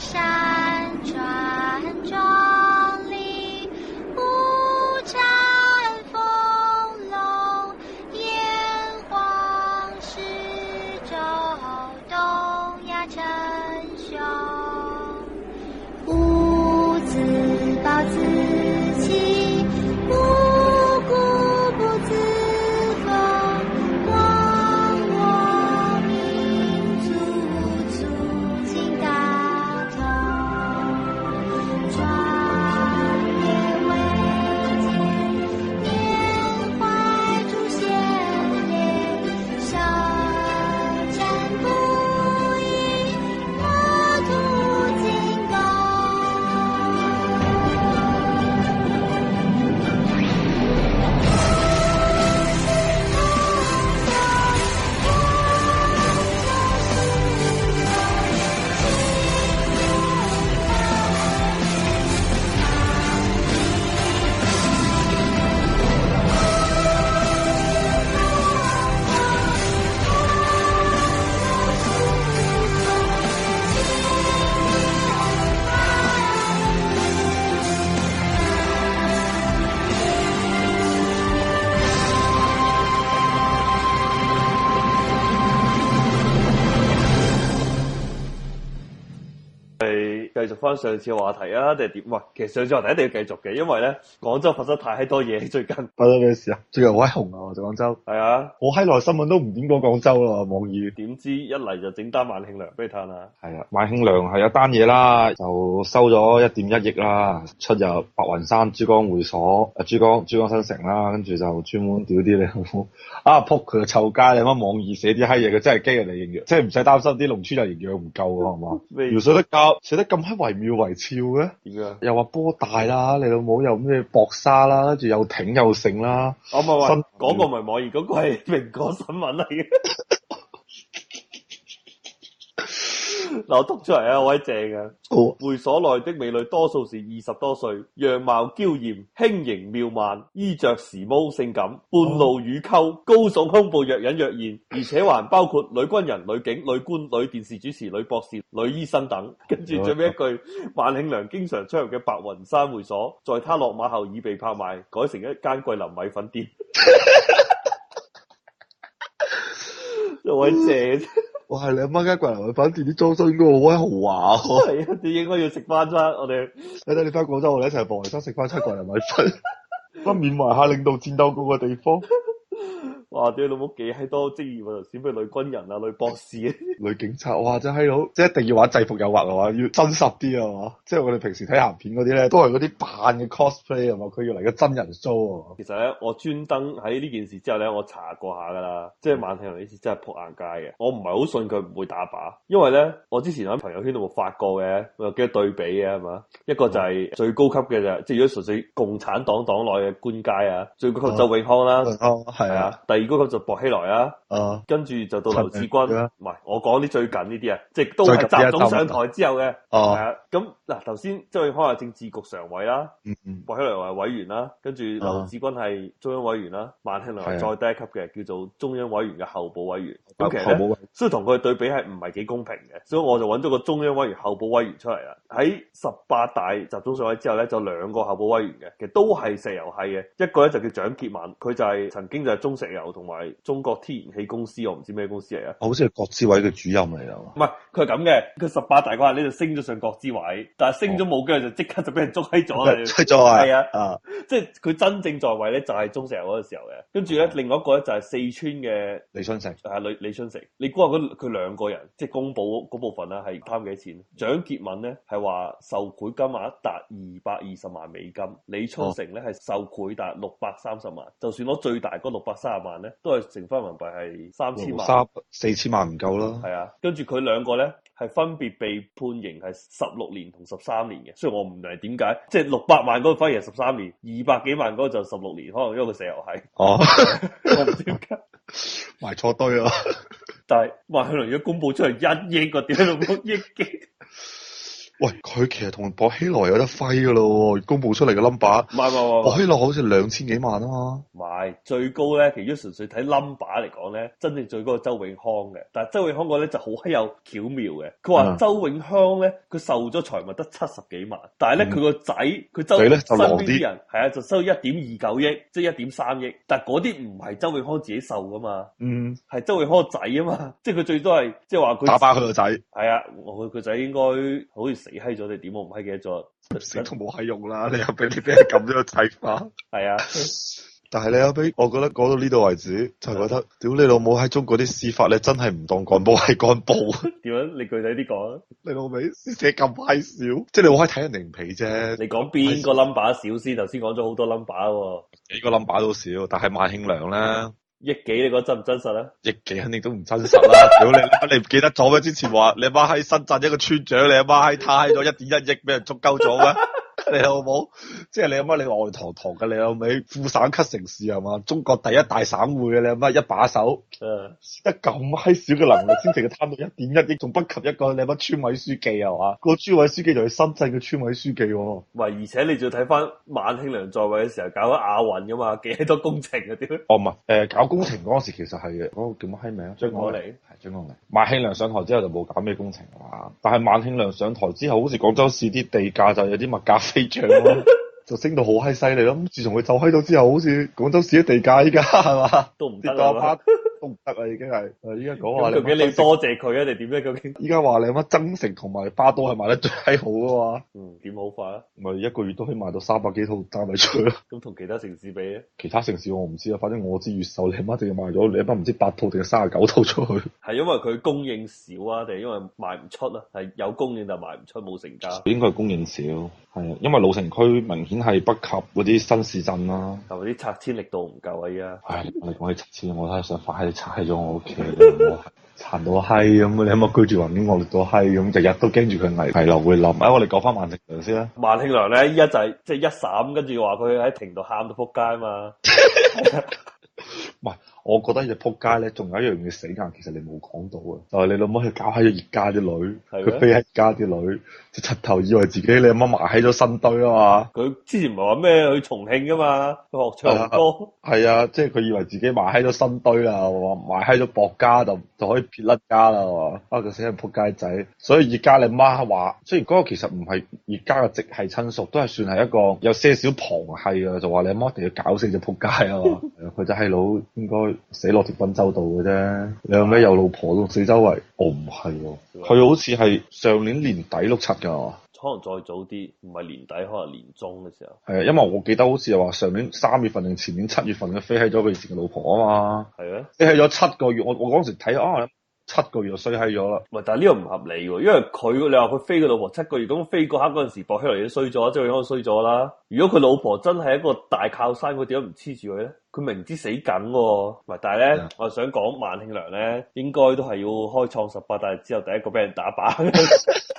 沙。翻上次話題啊，定係點？唔其實上次話題一定要繼續嘅，因為咧廣州發生太多嘢最近。發生咩事啊？最近好閪紅啊！喎，就廣州。係啊，我閪耐新聞都唔點講廣州咯，網易點知一嚟就整單萬慶良，畀你嘆下。係啊，萬慶良係有單嘢啦，就收咗一點一億啦，出入白雲山珠江會所、啊珠江珠江新城啦，跟住就專門屌啲你，呵呵啊撲佢個臭街！你啱網易寫啲閪嘢，佢真係驚人嚟嘅，即係唔使擔心啲農村人營養唔夠好？係嘛？ 描述得交，寫得咁閪係妙為超嘅，點啊？又話波大啦，你老母又咩搏沙啦，跟住又挺又剩啦。哦，唔係，嗰體個唔係網易，嗰、那個係明哥新聞嚟嘅。 嗱、啊，我讀出嚟啊，位正啊，會所內的美女多數是二十多歲，樣貌嬌艷，輕盈妙曼，衣着時髦性感，半露乳溝，高聳胸部若隱若現，而且還包括女軍人、女警、女官、女電視主持、女博士、女醫生等。跟住最尾一句，萬慶我良經常出入嘅白雲山會所，在他落馬後已被拍賣，改成一間桂林米粉店。位 正。 哇！係兩蚊雞桂林米粉店，啲裝修應該好鬼豪華？係啊，點 應該要食翻餐我？我哋睇睇你翻廣州，我哋一齊去白雲山食翻餐桂林米粉， 不免懷下領導戰鬥過嘅地方。 哇！啲老母幾閪多職業人士，咩女軍人啊、女博士啊、女警察哇！真閪好，即係一定要玩制服誘惑啊嘛，要真實啲啊嘛！即係我哋平時睇鹹片嗰啲咧，都係嗰啲扮嘅 cosplay 啊嘛，佢要嚟嘅真人 show 啊！其實咧，我專登喺呢件事之後咧，我查過下㗎喇，即係萬慶良呢次真係撲硬街嘅。我唔係好信佢唔會打靶，因為咧我之前喺朋友圈度冇發過嘅，我有幾個對比啊。係嘛？一個就係最高級嘅咋，即係如果純粹共產黨黨內嘅官階啊，最高級就周永康啦，哦、嗯，係啊，啊如果就薄熙來啊，跟住，uh，就到劉志軍，唔係嗎我講啲最近呢啲啊，即係都係習總上台之後嘅。哦，咁嗱，啊，頭先即係開下政治局常委啦，啊，嗯，薄熙來係委員啦，啊，跟住劉志軍係中央委員啦，啊，萬慶良係再低級嘅，啊，叫做中央委員嘅候補委員。咁補其實咧，補所以同佢對比係唔係幾公平嘅，所以我就揾咗個中央委員候補委員出嚟啦。喺十八大習總上位之後咧，就兩個候補委員嘅，其實都係石油系嘅，一個咧就叫蔣潔敏，佢就係、是、曾經就係中石油。同埋中國天然氣公司，我唔知咩公司嚟啊！好似係國資委嘅主任嚟啊！唔係佢係咁嘅，佢十八大嗰日你就升咗上國資委，但係升咗冇幾日就即刻就俾人捉起咗，出咗係啊！啊即係佢真正在位咧，就係中石油嗰個時候嘅。跟住咧，另外一個咧就係四川嘅李春城。係、啊、李李春城，你估下佢佢兩個人即係公布嗰部分啦，係貪幾錢？蔣潔敏咧係話受賄金額達二百二十萬美金，李春城咧係、嗯、受賄達六百三十萬。就算攞最大嗰六百三十萬。都係成翻人民幣係三千萬，四千萬唔夠啦。係啊，跟住佢兩個咧係分別被判刑係十六年同十三年嘅。雖然我唔明點解，即係六百萬嗰個反而係十三年，二百幾萬嗰個就十六年，可能因為佢蛇油係。哦、啊， 我唔知點解， 埋錯堆咯。 但係，話佢如果公布出嚟一億個點六億幾？ 喂，佢其實同薄熙來有得揮噶咯喎！公佈出嚟嘅 number，唔係唔係，薄熙來好似兩千幾萬啊嘛。唔係最高咧，其實純粹睇 number 嚟講咧，真正最高係周永康嘅。但係周永康個咧就好有巧妙嘅。佢話周永康咧，佢受咗財物得七十幾萬，但係咧佢個仔，佢、嗯、周，、嗯、周身邊啲人係啊，就收一點二九億，即係一點三億。但係嗰啲唔係周永康自己受噶嘛，嗯，係周永康個仔啊嘛，即係佢最多係即係話佢打爆佢個仔，係啊，佢個仔應該好似。死閪咗你點我唔閪記得咗，死都冇閪用啦！你又俾你俾人咁樣睇法，係啊。 但係你又俾我，覺得講到呢度為止，就係、是、覺得，屌你老母喺中國啲司法咧，你真係唔當幹部係幹部。點 樣？你具體啲講？你老味寫咁閪少，即係你我睇人哋唔皮啫。你講邊個 number 少先？頭先講咗好多 number 喎，幾個 number 都少，但係萬慶良咧。億幾你得真唔真實啊？億幾肯定都唔真實啦！屌 你，你唔記得咗咩？之前話你阿媽喺深圳一個村長，你阿媽喺貪咗一點一億畀人捉鳩咗咩？ 你老母，即係你乜？你外堂堂嘅，你有冇？副省級城市係嘛？中國第一大省會嘅，你乜一把手？誒，得咁閪少嘅能力，先成嘅貪到一點一億，仲不及一個你乜村委書記係嘛？那個委村委書記就係深圳嘅村委書記喎。唔係，而且你仲要睇翻萬慶良在位嘅時候搞咗亞運㗎嘛？幾多工程啊？屌、 哦！哦唔係，誒、呃、搞工程嗰陣時其實係嗰個叫乜閪名張廣寧係張廣寧。萬慶良上台之後就冇搞咩工程啦。但係萬慶良上台之後，好似廣州市啲地價就有啲物價 就升到好閪犀利咯！咁自從佢走閪咗之後，好似廣州市啲地價依家係嘛？都唔知啦。 都唔得啦，已經係。依家講話你究竟你多謝佢啊，定點咧？究竟依家話你乜增城同埋花都係賣得最好噶嘛？嗯，點好法啊？咪一個月都可以賣到三百幾套單位出去咯。咁同其他城市比咧？其他城市我唔知啊，反正我知越秀你乜淨要賣咗你乜唔知八套定係卅九套出去。係因為佢供應少啊，定係因為賣唔出啊？係有供應就賣唔出，冇成交。應該係供應少，係啊，因為老城區明顯係不及嗰啲新市鎮啦、啊。係咪啲拆遷力度唔夠啊？依家係我哋講起拆遷，我真係想翻你踩咗我屋企，你殘到嗨。咁，你阿媽居住環境惡到嗨。咁，日日都驚住佢危樓會冧。哎，我哋講翻萬慶良先啦。萬慶良咧，一就係即係一審，跟住話佢喺庭度喊到仆街啊嘛。我覺得隻撲街咧，仲有一樣嘢死硬，其實你冇講到啊，就係、係、你老母去搞咗葉家啲女，佢嗎飛喺葉家啲女，佢柒頭以為自己你阿媽，媽埋喺咗新堆啊嘛。佢之前唔係話咩去重慶噶嘛，學唱歌。係啊，啊，即係佢以為自己埋喺咗新堆啊，埋喺咗薄家就就可以撇甩家啦喎。啊個死人撲街仔，所以葉家你媽話，雖然嗰個其實唔係葉家嘅直系親屬，都係算係一個有些少旁系啊，就話你阿媽一定要搞死隻撲街啊。嘛。佢啲閪佬應該～死落條賓州度嘅啫，你有咩有老婆碌死周圍？哦唔係喎，佢、哦、好似係上年年底碌柒㗎，可能再早啲，唔係年底，可能年中嘅時候。係啊，因為我記得好似係話上年三月份定前年七月份嘅飛起咗佢以前嘅老婆啊嘛。係啊的，飛起咗七個月，我我嗰時睇啊。七個月就衰閪咗啦，喂！但係呢個唔合理喎，因為佢你話佢飛個老婆七個月咁飛過克嗰陣時搏起嚟已經衰咗，即係佢應該衰咗啦。如果佢老婆真係一個大靠山，佢點解唔黐住佢咧？佢明知死梗喎，喂！但係咧，Yeah. 我想講萬慶良咧，應該都係要開創十八大之後第一個俾人打靶。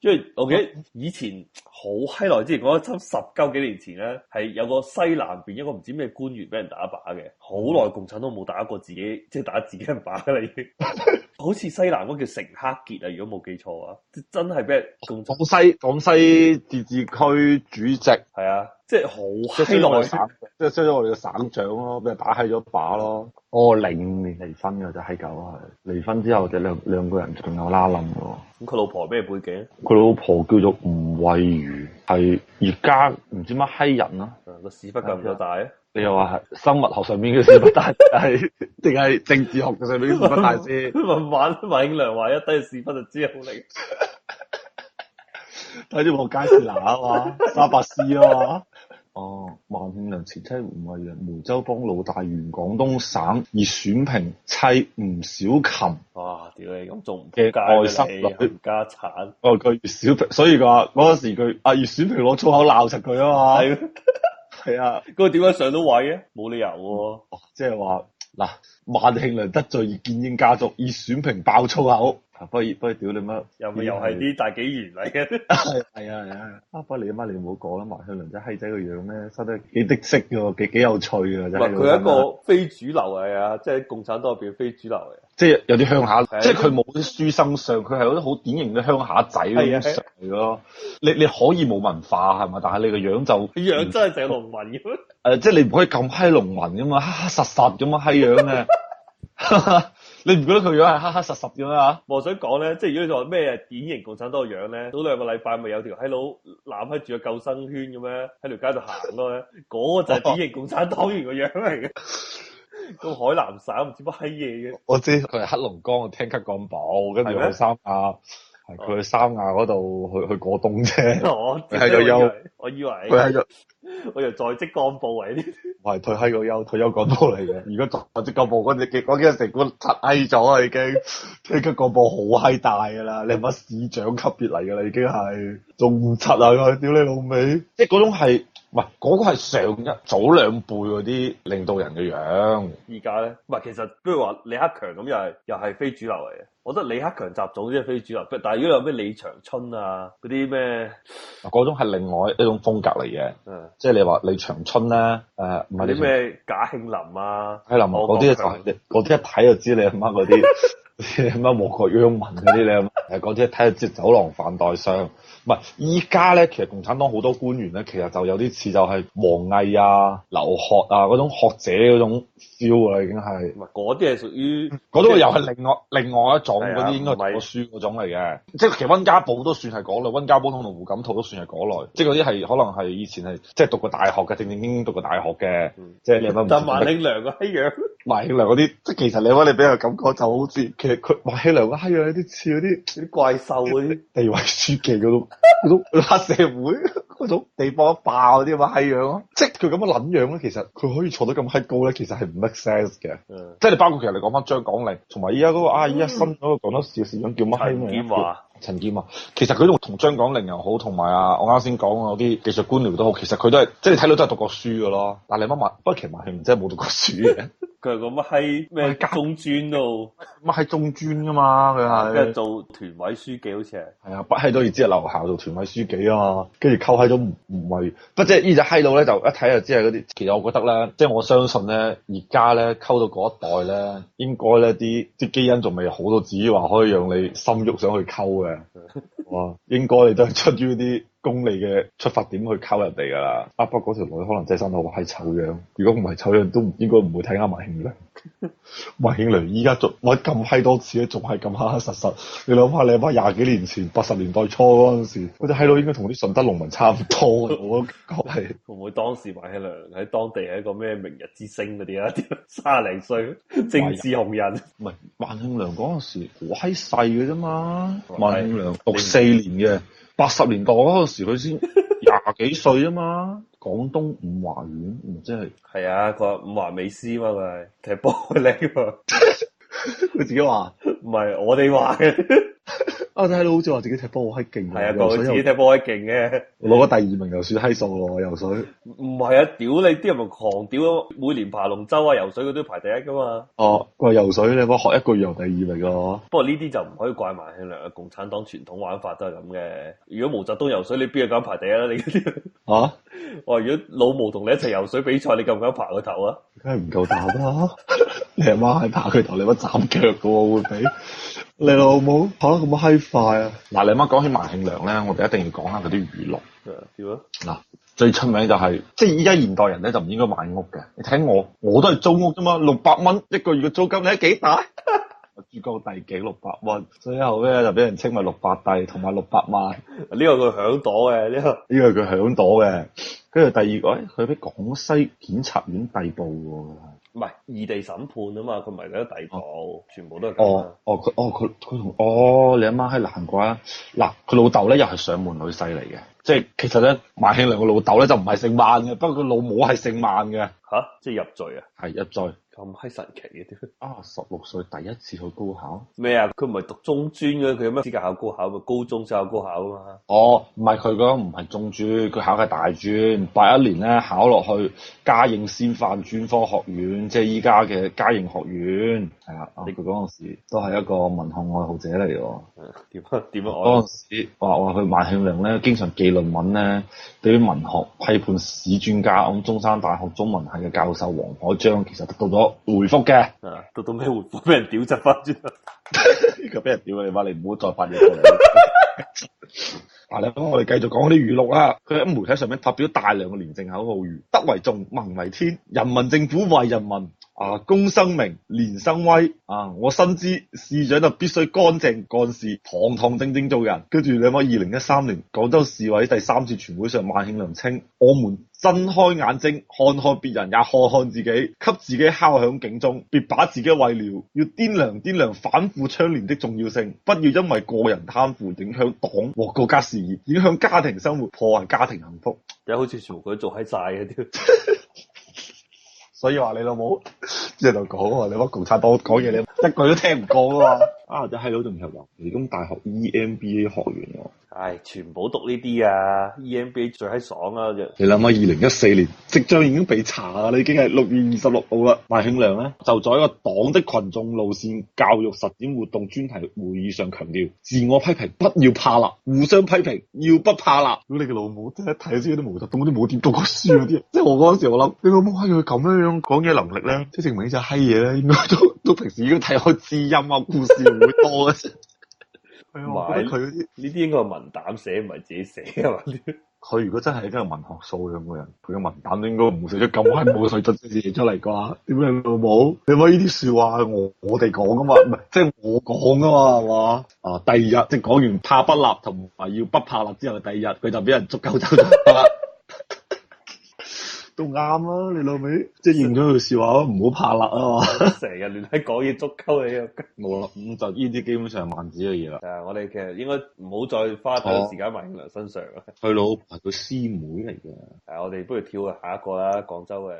即係我記得以前好閪耐，之前講一針十交幾年前咧，係有個西南邊一個唔知咩官員俾人打靶嘅，好耐共產黨都冇打過自己，即係打自己人靶啦已經。 好似西南嗰叫成克傑啊，如果冇記錯啊，真係俾人共廣西，廣西自治區主席係啊。即係好希落省，即係將咗我哋嘅省長咯，俾人打氣咗一把咯。哦，零五年離婚嘅就係九係，離婚之後就兩兩個人仲有拉冧嘅。咁佢老婆咩背景？佢老婆叫做吳惠如，係而家唔知乜閪人啦。個屎忽夠唔夠大？你又話係生物學上面嘅屎忽大，係定係政治學上面嘅屎忽大先？文翻萬慶良話一低屎忽就知好靚，睇啲冇街市男啊嘛，沙巴師啊嘛。哦，萬慶良前妻吳惠儀梅州幫老大，原廣東省葉選平妻吳小琴。哇，屌你咁做嘅，外失落家產。哦，佢葉小平，所以佢話嗰陣時佢阿葉選平攞粗口鬧實佢啊嘛。係啊，咁佢點解上到位嘅？冇理由喎、啊，即係話嗱，萬慶良得罪葉劍英家族，葉選平爆粗口。不如不如屌你媽！又又係啲大紀元嚟嘅？係啊係啊！啊！不過你媽你唔好講啦。萬慶良真係閪仔個樣咧，生得幾的色嘅喎，幾有趣嘅真係。佢係一個非主流嚟啊！即係喺共產黨入邊非主流嘅。即係有啲鄉下，即係佢冇啲書生相，佢係嗰啲好典型嘅鄉下仔嗰種相嚟咯。你你可以冇文化係嘛？但係你個樣就樣真係成農民嘅。誒，即係你唔可以咁閪農民嘅嘛，黑黑實實咁啊閪樣嘅。你唔覺得佢樣係黑黑實實嘅咩嚇？我想講咧，即係如果你話咩典型共產黨嘅樣咧，早兩個禮拜咪有條喺佬攬喺住個救生圈嘅咩？喺條街度行咯，嗰、嗰個就係典型共產黨員嘅樣嚟嘅。到 海南省唔知乜閪嘢嘅。我知佢係黑龍江嘅廳級幹部，跟住去三亞，係佢嗎去三亞嗰度去去過冬啫。哦、我係又有，我以為佢係入。我又在職幹部嚟啲，唔係 退休個休，退休幹部嚟嘅。而家在職幹部嗰隻極嗰隻城管拆閪咗，已經即係個幹部好閪大噶啦，你乜市長級別嚟噶啦，已經係仲唔拆啊！屌你老味。即係嗰種係唔係嗰個係上一早兩輩嗰啲領導人嘅樣。而家咧唔係，其實不如話李克強咁又係又係非主流嚟嘅。我覺得李克強集左啲係非主流，但係如果有咩李長春啊嗰啲咩，嗰種係另外一種風格嚟嘅。即係你話李長春咧，誒唔係啲咩賈慶林啊？係啦林，啲就係啲一睇就知你阿媽嗰啲，你阿媽冇綫央民嗰啲阿係嗰啲睇係只走廊反代商。唔係依家咧，其實共產黨好多官員咧，其實就有啲似就係王毅啊、劉鶴啊嗰種學者嗰種。笑啊，已經係，嗰啲係屬於，嗰種又係另外另外一種嗰啲，應該讀書嗰種嚟嘅，即係其實溫家寶都算係嗰類，溫家寶同胡錦濤都算係嗰類，即係嗰啲係可能係以前係即係讀過大學嘅，正正經經讀過大學嘅，即係你有乜？但係萬慶良個樣，萬慶良嗰啲，即係其實你話你俾人感覺就好似，其實佢萬慶良個樣有啲似嗰啲啲怪獸嗰啲，地位書記嗰種，嗰種黑社會嗰種地方爆嗰啲咁嘅閪樣咯，即係佢咁嘅捻樣咧，其實佢可以坐得咁閪高咧，其實係。make sense 嘅，即係、 嗯、 包括，其實你講翻張廣寧同埋依家嗰個阿姨、啊、新嗰個廣東市市長叫乜、嗯？陳陳建啊，其實佢都同張廣寧又好，同埋啊，我啱先講嗰啲技術官僚都好，其實佢都係，即係你睇到都係讀過書嘅咯。但你乜乜，不過其實唔即係冇讀過書嘅。佢係 個乜閪咩中專度、啊？乜閪中專噶嘛，佢係做團委書記好似係。係啊，乜閪都只係留校做團委書記啊嘛，跟住溝喺咗唔唔係，不，不即係呢隻閪佬咧就一睇就知係嗰啲。其實我覺得咧，即係我相信咧，而家咧溝到嗰一代咧，應該咧啲啲基因仲未好到至於話可以讓你心喐想去溝嘅。係啊，哇！ 應該你都係出於啲，功利嘅出發點去溝人哋噶啦，阿伯嗰條女可能真係生到好閪醜樣，如果唔係醜樣，都應該唔會睇啱萬慶良。 萬慶良依家仲我咁閪多次咧，仲係咁黑黑實實。你諗下，你阿媽廿幾年前八十年代初嗰陣時，嗰隻閪佬應該同啲順德農民差唔多。 我覺係會唔會當時萬慶良喺當地係一個咩明日之星嗰啲啊？卅 零多歲 政治紅人？唔係萬慶良嗰陣時，我閪細嘅啫嘛。萬慶良六四 年嘅。八十年代嗰陣時，佢先廿幾歲啊嘛， 廣東五華縣，唔，即係，係啊，佢話五華美斯嘛，佢踢波佢叻喎，佢自己話，唔係我哋話嘅。 我睇到好似話自己踢波好閪勁啊，自己踢波閪勁嘅，攞 個第二名又算閪數咯，游水。唔係啊，屌你啲人咪狂屌每年爬龍舟啊、游水佢都排第一噶嘛。哦、啊，喂，游水你我學一個月游第二名咯、啊嗯。不過呢啲就唔可以怪埋慶良啊！共產黨傳統玩法都係咁嘅。如果毛澤東游水，你邊個敢排第一啦？你 啊，話如果老毛同你一齊游水比賽，你夠唔夠爬個頭啊？梗係唔夠膽啊！你阿媽係爬佢頭，你乜斬腳噶？會比？ 你老母跑得咁閪快啊！嗱，你啱講起萬慶良咧，我哋一定要講下嗰啲語錄。誒、嗯，點啊？嗱，最出名就係、是，即係依家現代人咧就唔應該買屋嘅。你睇我，我都係租屋啫嘛，六百蚊一個月嘅租金，你幾大？住 角第幾六百蚊？最後咧就俾人稱為六百帝，同埋六百萬。呢 個佢響朵嘅，呢、這個呢、這個佢響朵嘅。跟住第二個，誒佢俾廣西檢察院逮捕喎。唔係異地審判啊嘛，佢唔係喺第部，哦、全部都係哦哦佢哦佢佢同哦你阿媽係難怪啦，嗱佢老豆咧又係上門女婿嚟嘅，即係其實咧萬慶良個老豆咧就唔係姓萬嘅，不過佢老母係姓萬嘅吓，即係入罪啊，係入罪。咁閪神奇嘅啲啊！十六歲第一次去高考咩啊？佢唔係讀中專嘅，佢有咩資格考高考？高中先考高考啊嘛。哦，唔係佢講唔係中專，佢考嘅大專，八一年咧考落去嘉應師範專科學院，即係依家嘅嘉應學院，係啦。你佢嗰陣時都係一個文學愛好者嚟嘅。點點、嗯、樣？嗰陣、啊、時，哇！我去萬慶良咧，經常記論文咧，對於文學批判史專家，咁中山大學中文系嘅教授黃海章，其實得到咗。.回覆嘅，都、啊、到咩回覆俾人屌柒翻先，呢個俾人屌，你話你唔好再發嘢過嚟。嗱、 啊，你幫我哋繼續講啲語錄啦。佢喺媒體上面發表大量嘅廉政口號語，如德為重，民為天，人民政府為人民。啊，公生明，廉生威。啊，我深知市長就必須乾淨幹事，堂堂正正做人。跟住，兩諗二零一三年廣州市委第三次全會上，萬慶良稱：我們睜開眼睛看看別人，也看看自己，給自己敲響警鐘，別把自己毀了。要掂量掂量反腐倡廉的重要性，不要因為個人貪腐影響黨和國家事業，影響家庭生活，破壞家庭幸福。有好似條鬼做喺晒啲。所以話你老母即係就講你共產黨講嘢，你，你 一句都聽唔過啊嘛！ 啊就係、是、度，仲唔係話嚟緊大學 EMBA 學員啊？唉、哎，全部讀呢啲啊！E M B A 最閪爽啦、啊！你諗下，二零一四年，直將 已經被查啦，你已經係六月二十六號啦。萬慶良咧，就在一個黨的群眾路線教育實踐活動專題會議上強調，自我批評不要怕啦，互相批評要不怕啦。如果你嘅老母真係睇咗啲啲毛澤東嗰冇點讀過書嗰啲，即係我嗰陣時我諗，你老母點佢咁樣樣講嘢能力咧？即係證明呢隻閪嘢咧，應該都都平時已經睇開知音啊，故事唔會多嘅。」買佢呢啲應該係文膽寫，唔係自己寫啊嘛？佢 如果真係真係文學素養嘅人，佢嘅文膽應該唔會寫得咁閪冇水準字出嚟啩？點樣冇？你話呢啲說話我我哋講噶嘛？唔係即係我講噶嘛？係嘛？啊！第二日即係講完怕不立同埋要不怕立之後，第二日佢就俾人捉狗走咗。 仲啱啊！你老味，即係認咗句笑話咯，唔好 怕辣 啊！成日亂喺講嘢，足鳩你啊！冇啦，咁就呢啲基本上萬子嘅嘢啦。係啊， 我哋其實應該唔好再花太多時間埋喺慶良身上啦。佢老婆，佢師妹嚟嘅。係啊，我哋不如跳去下一個啦，廣州嘅。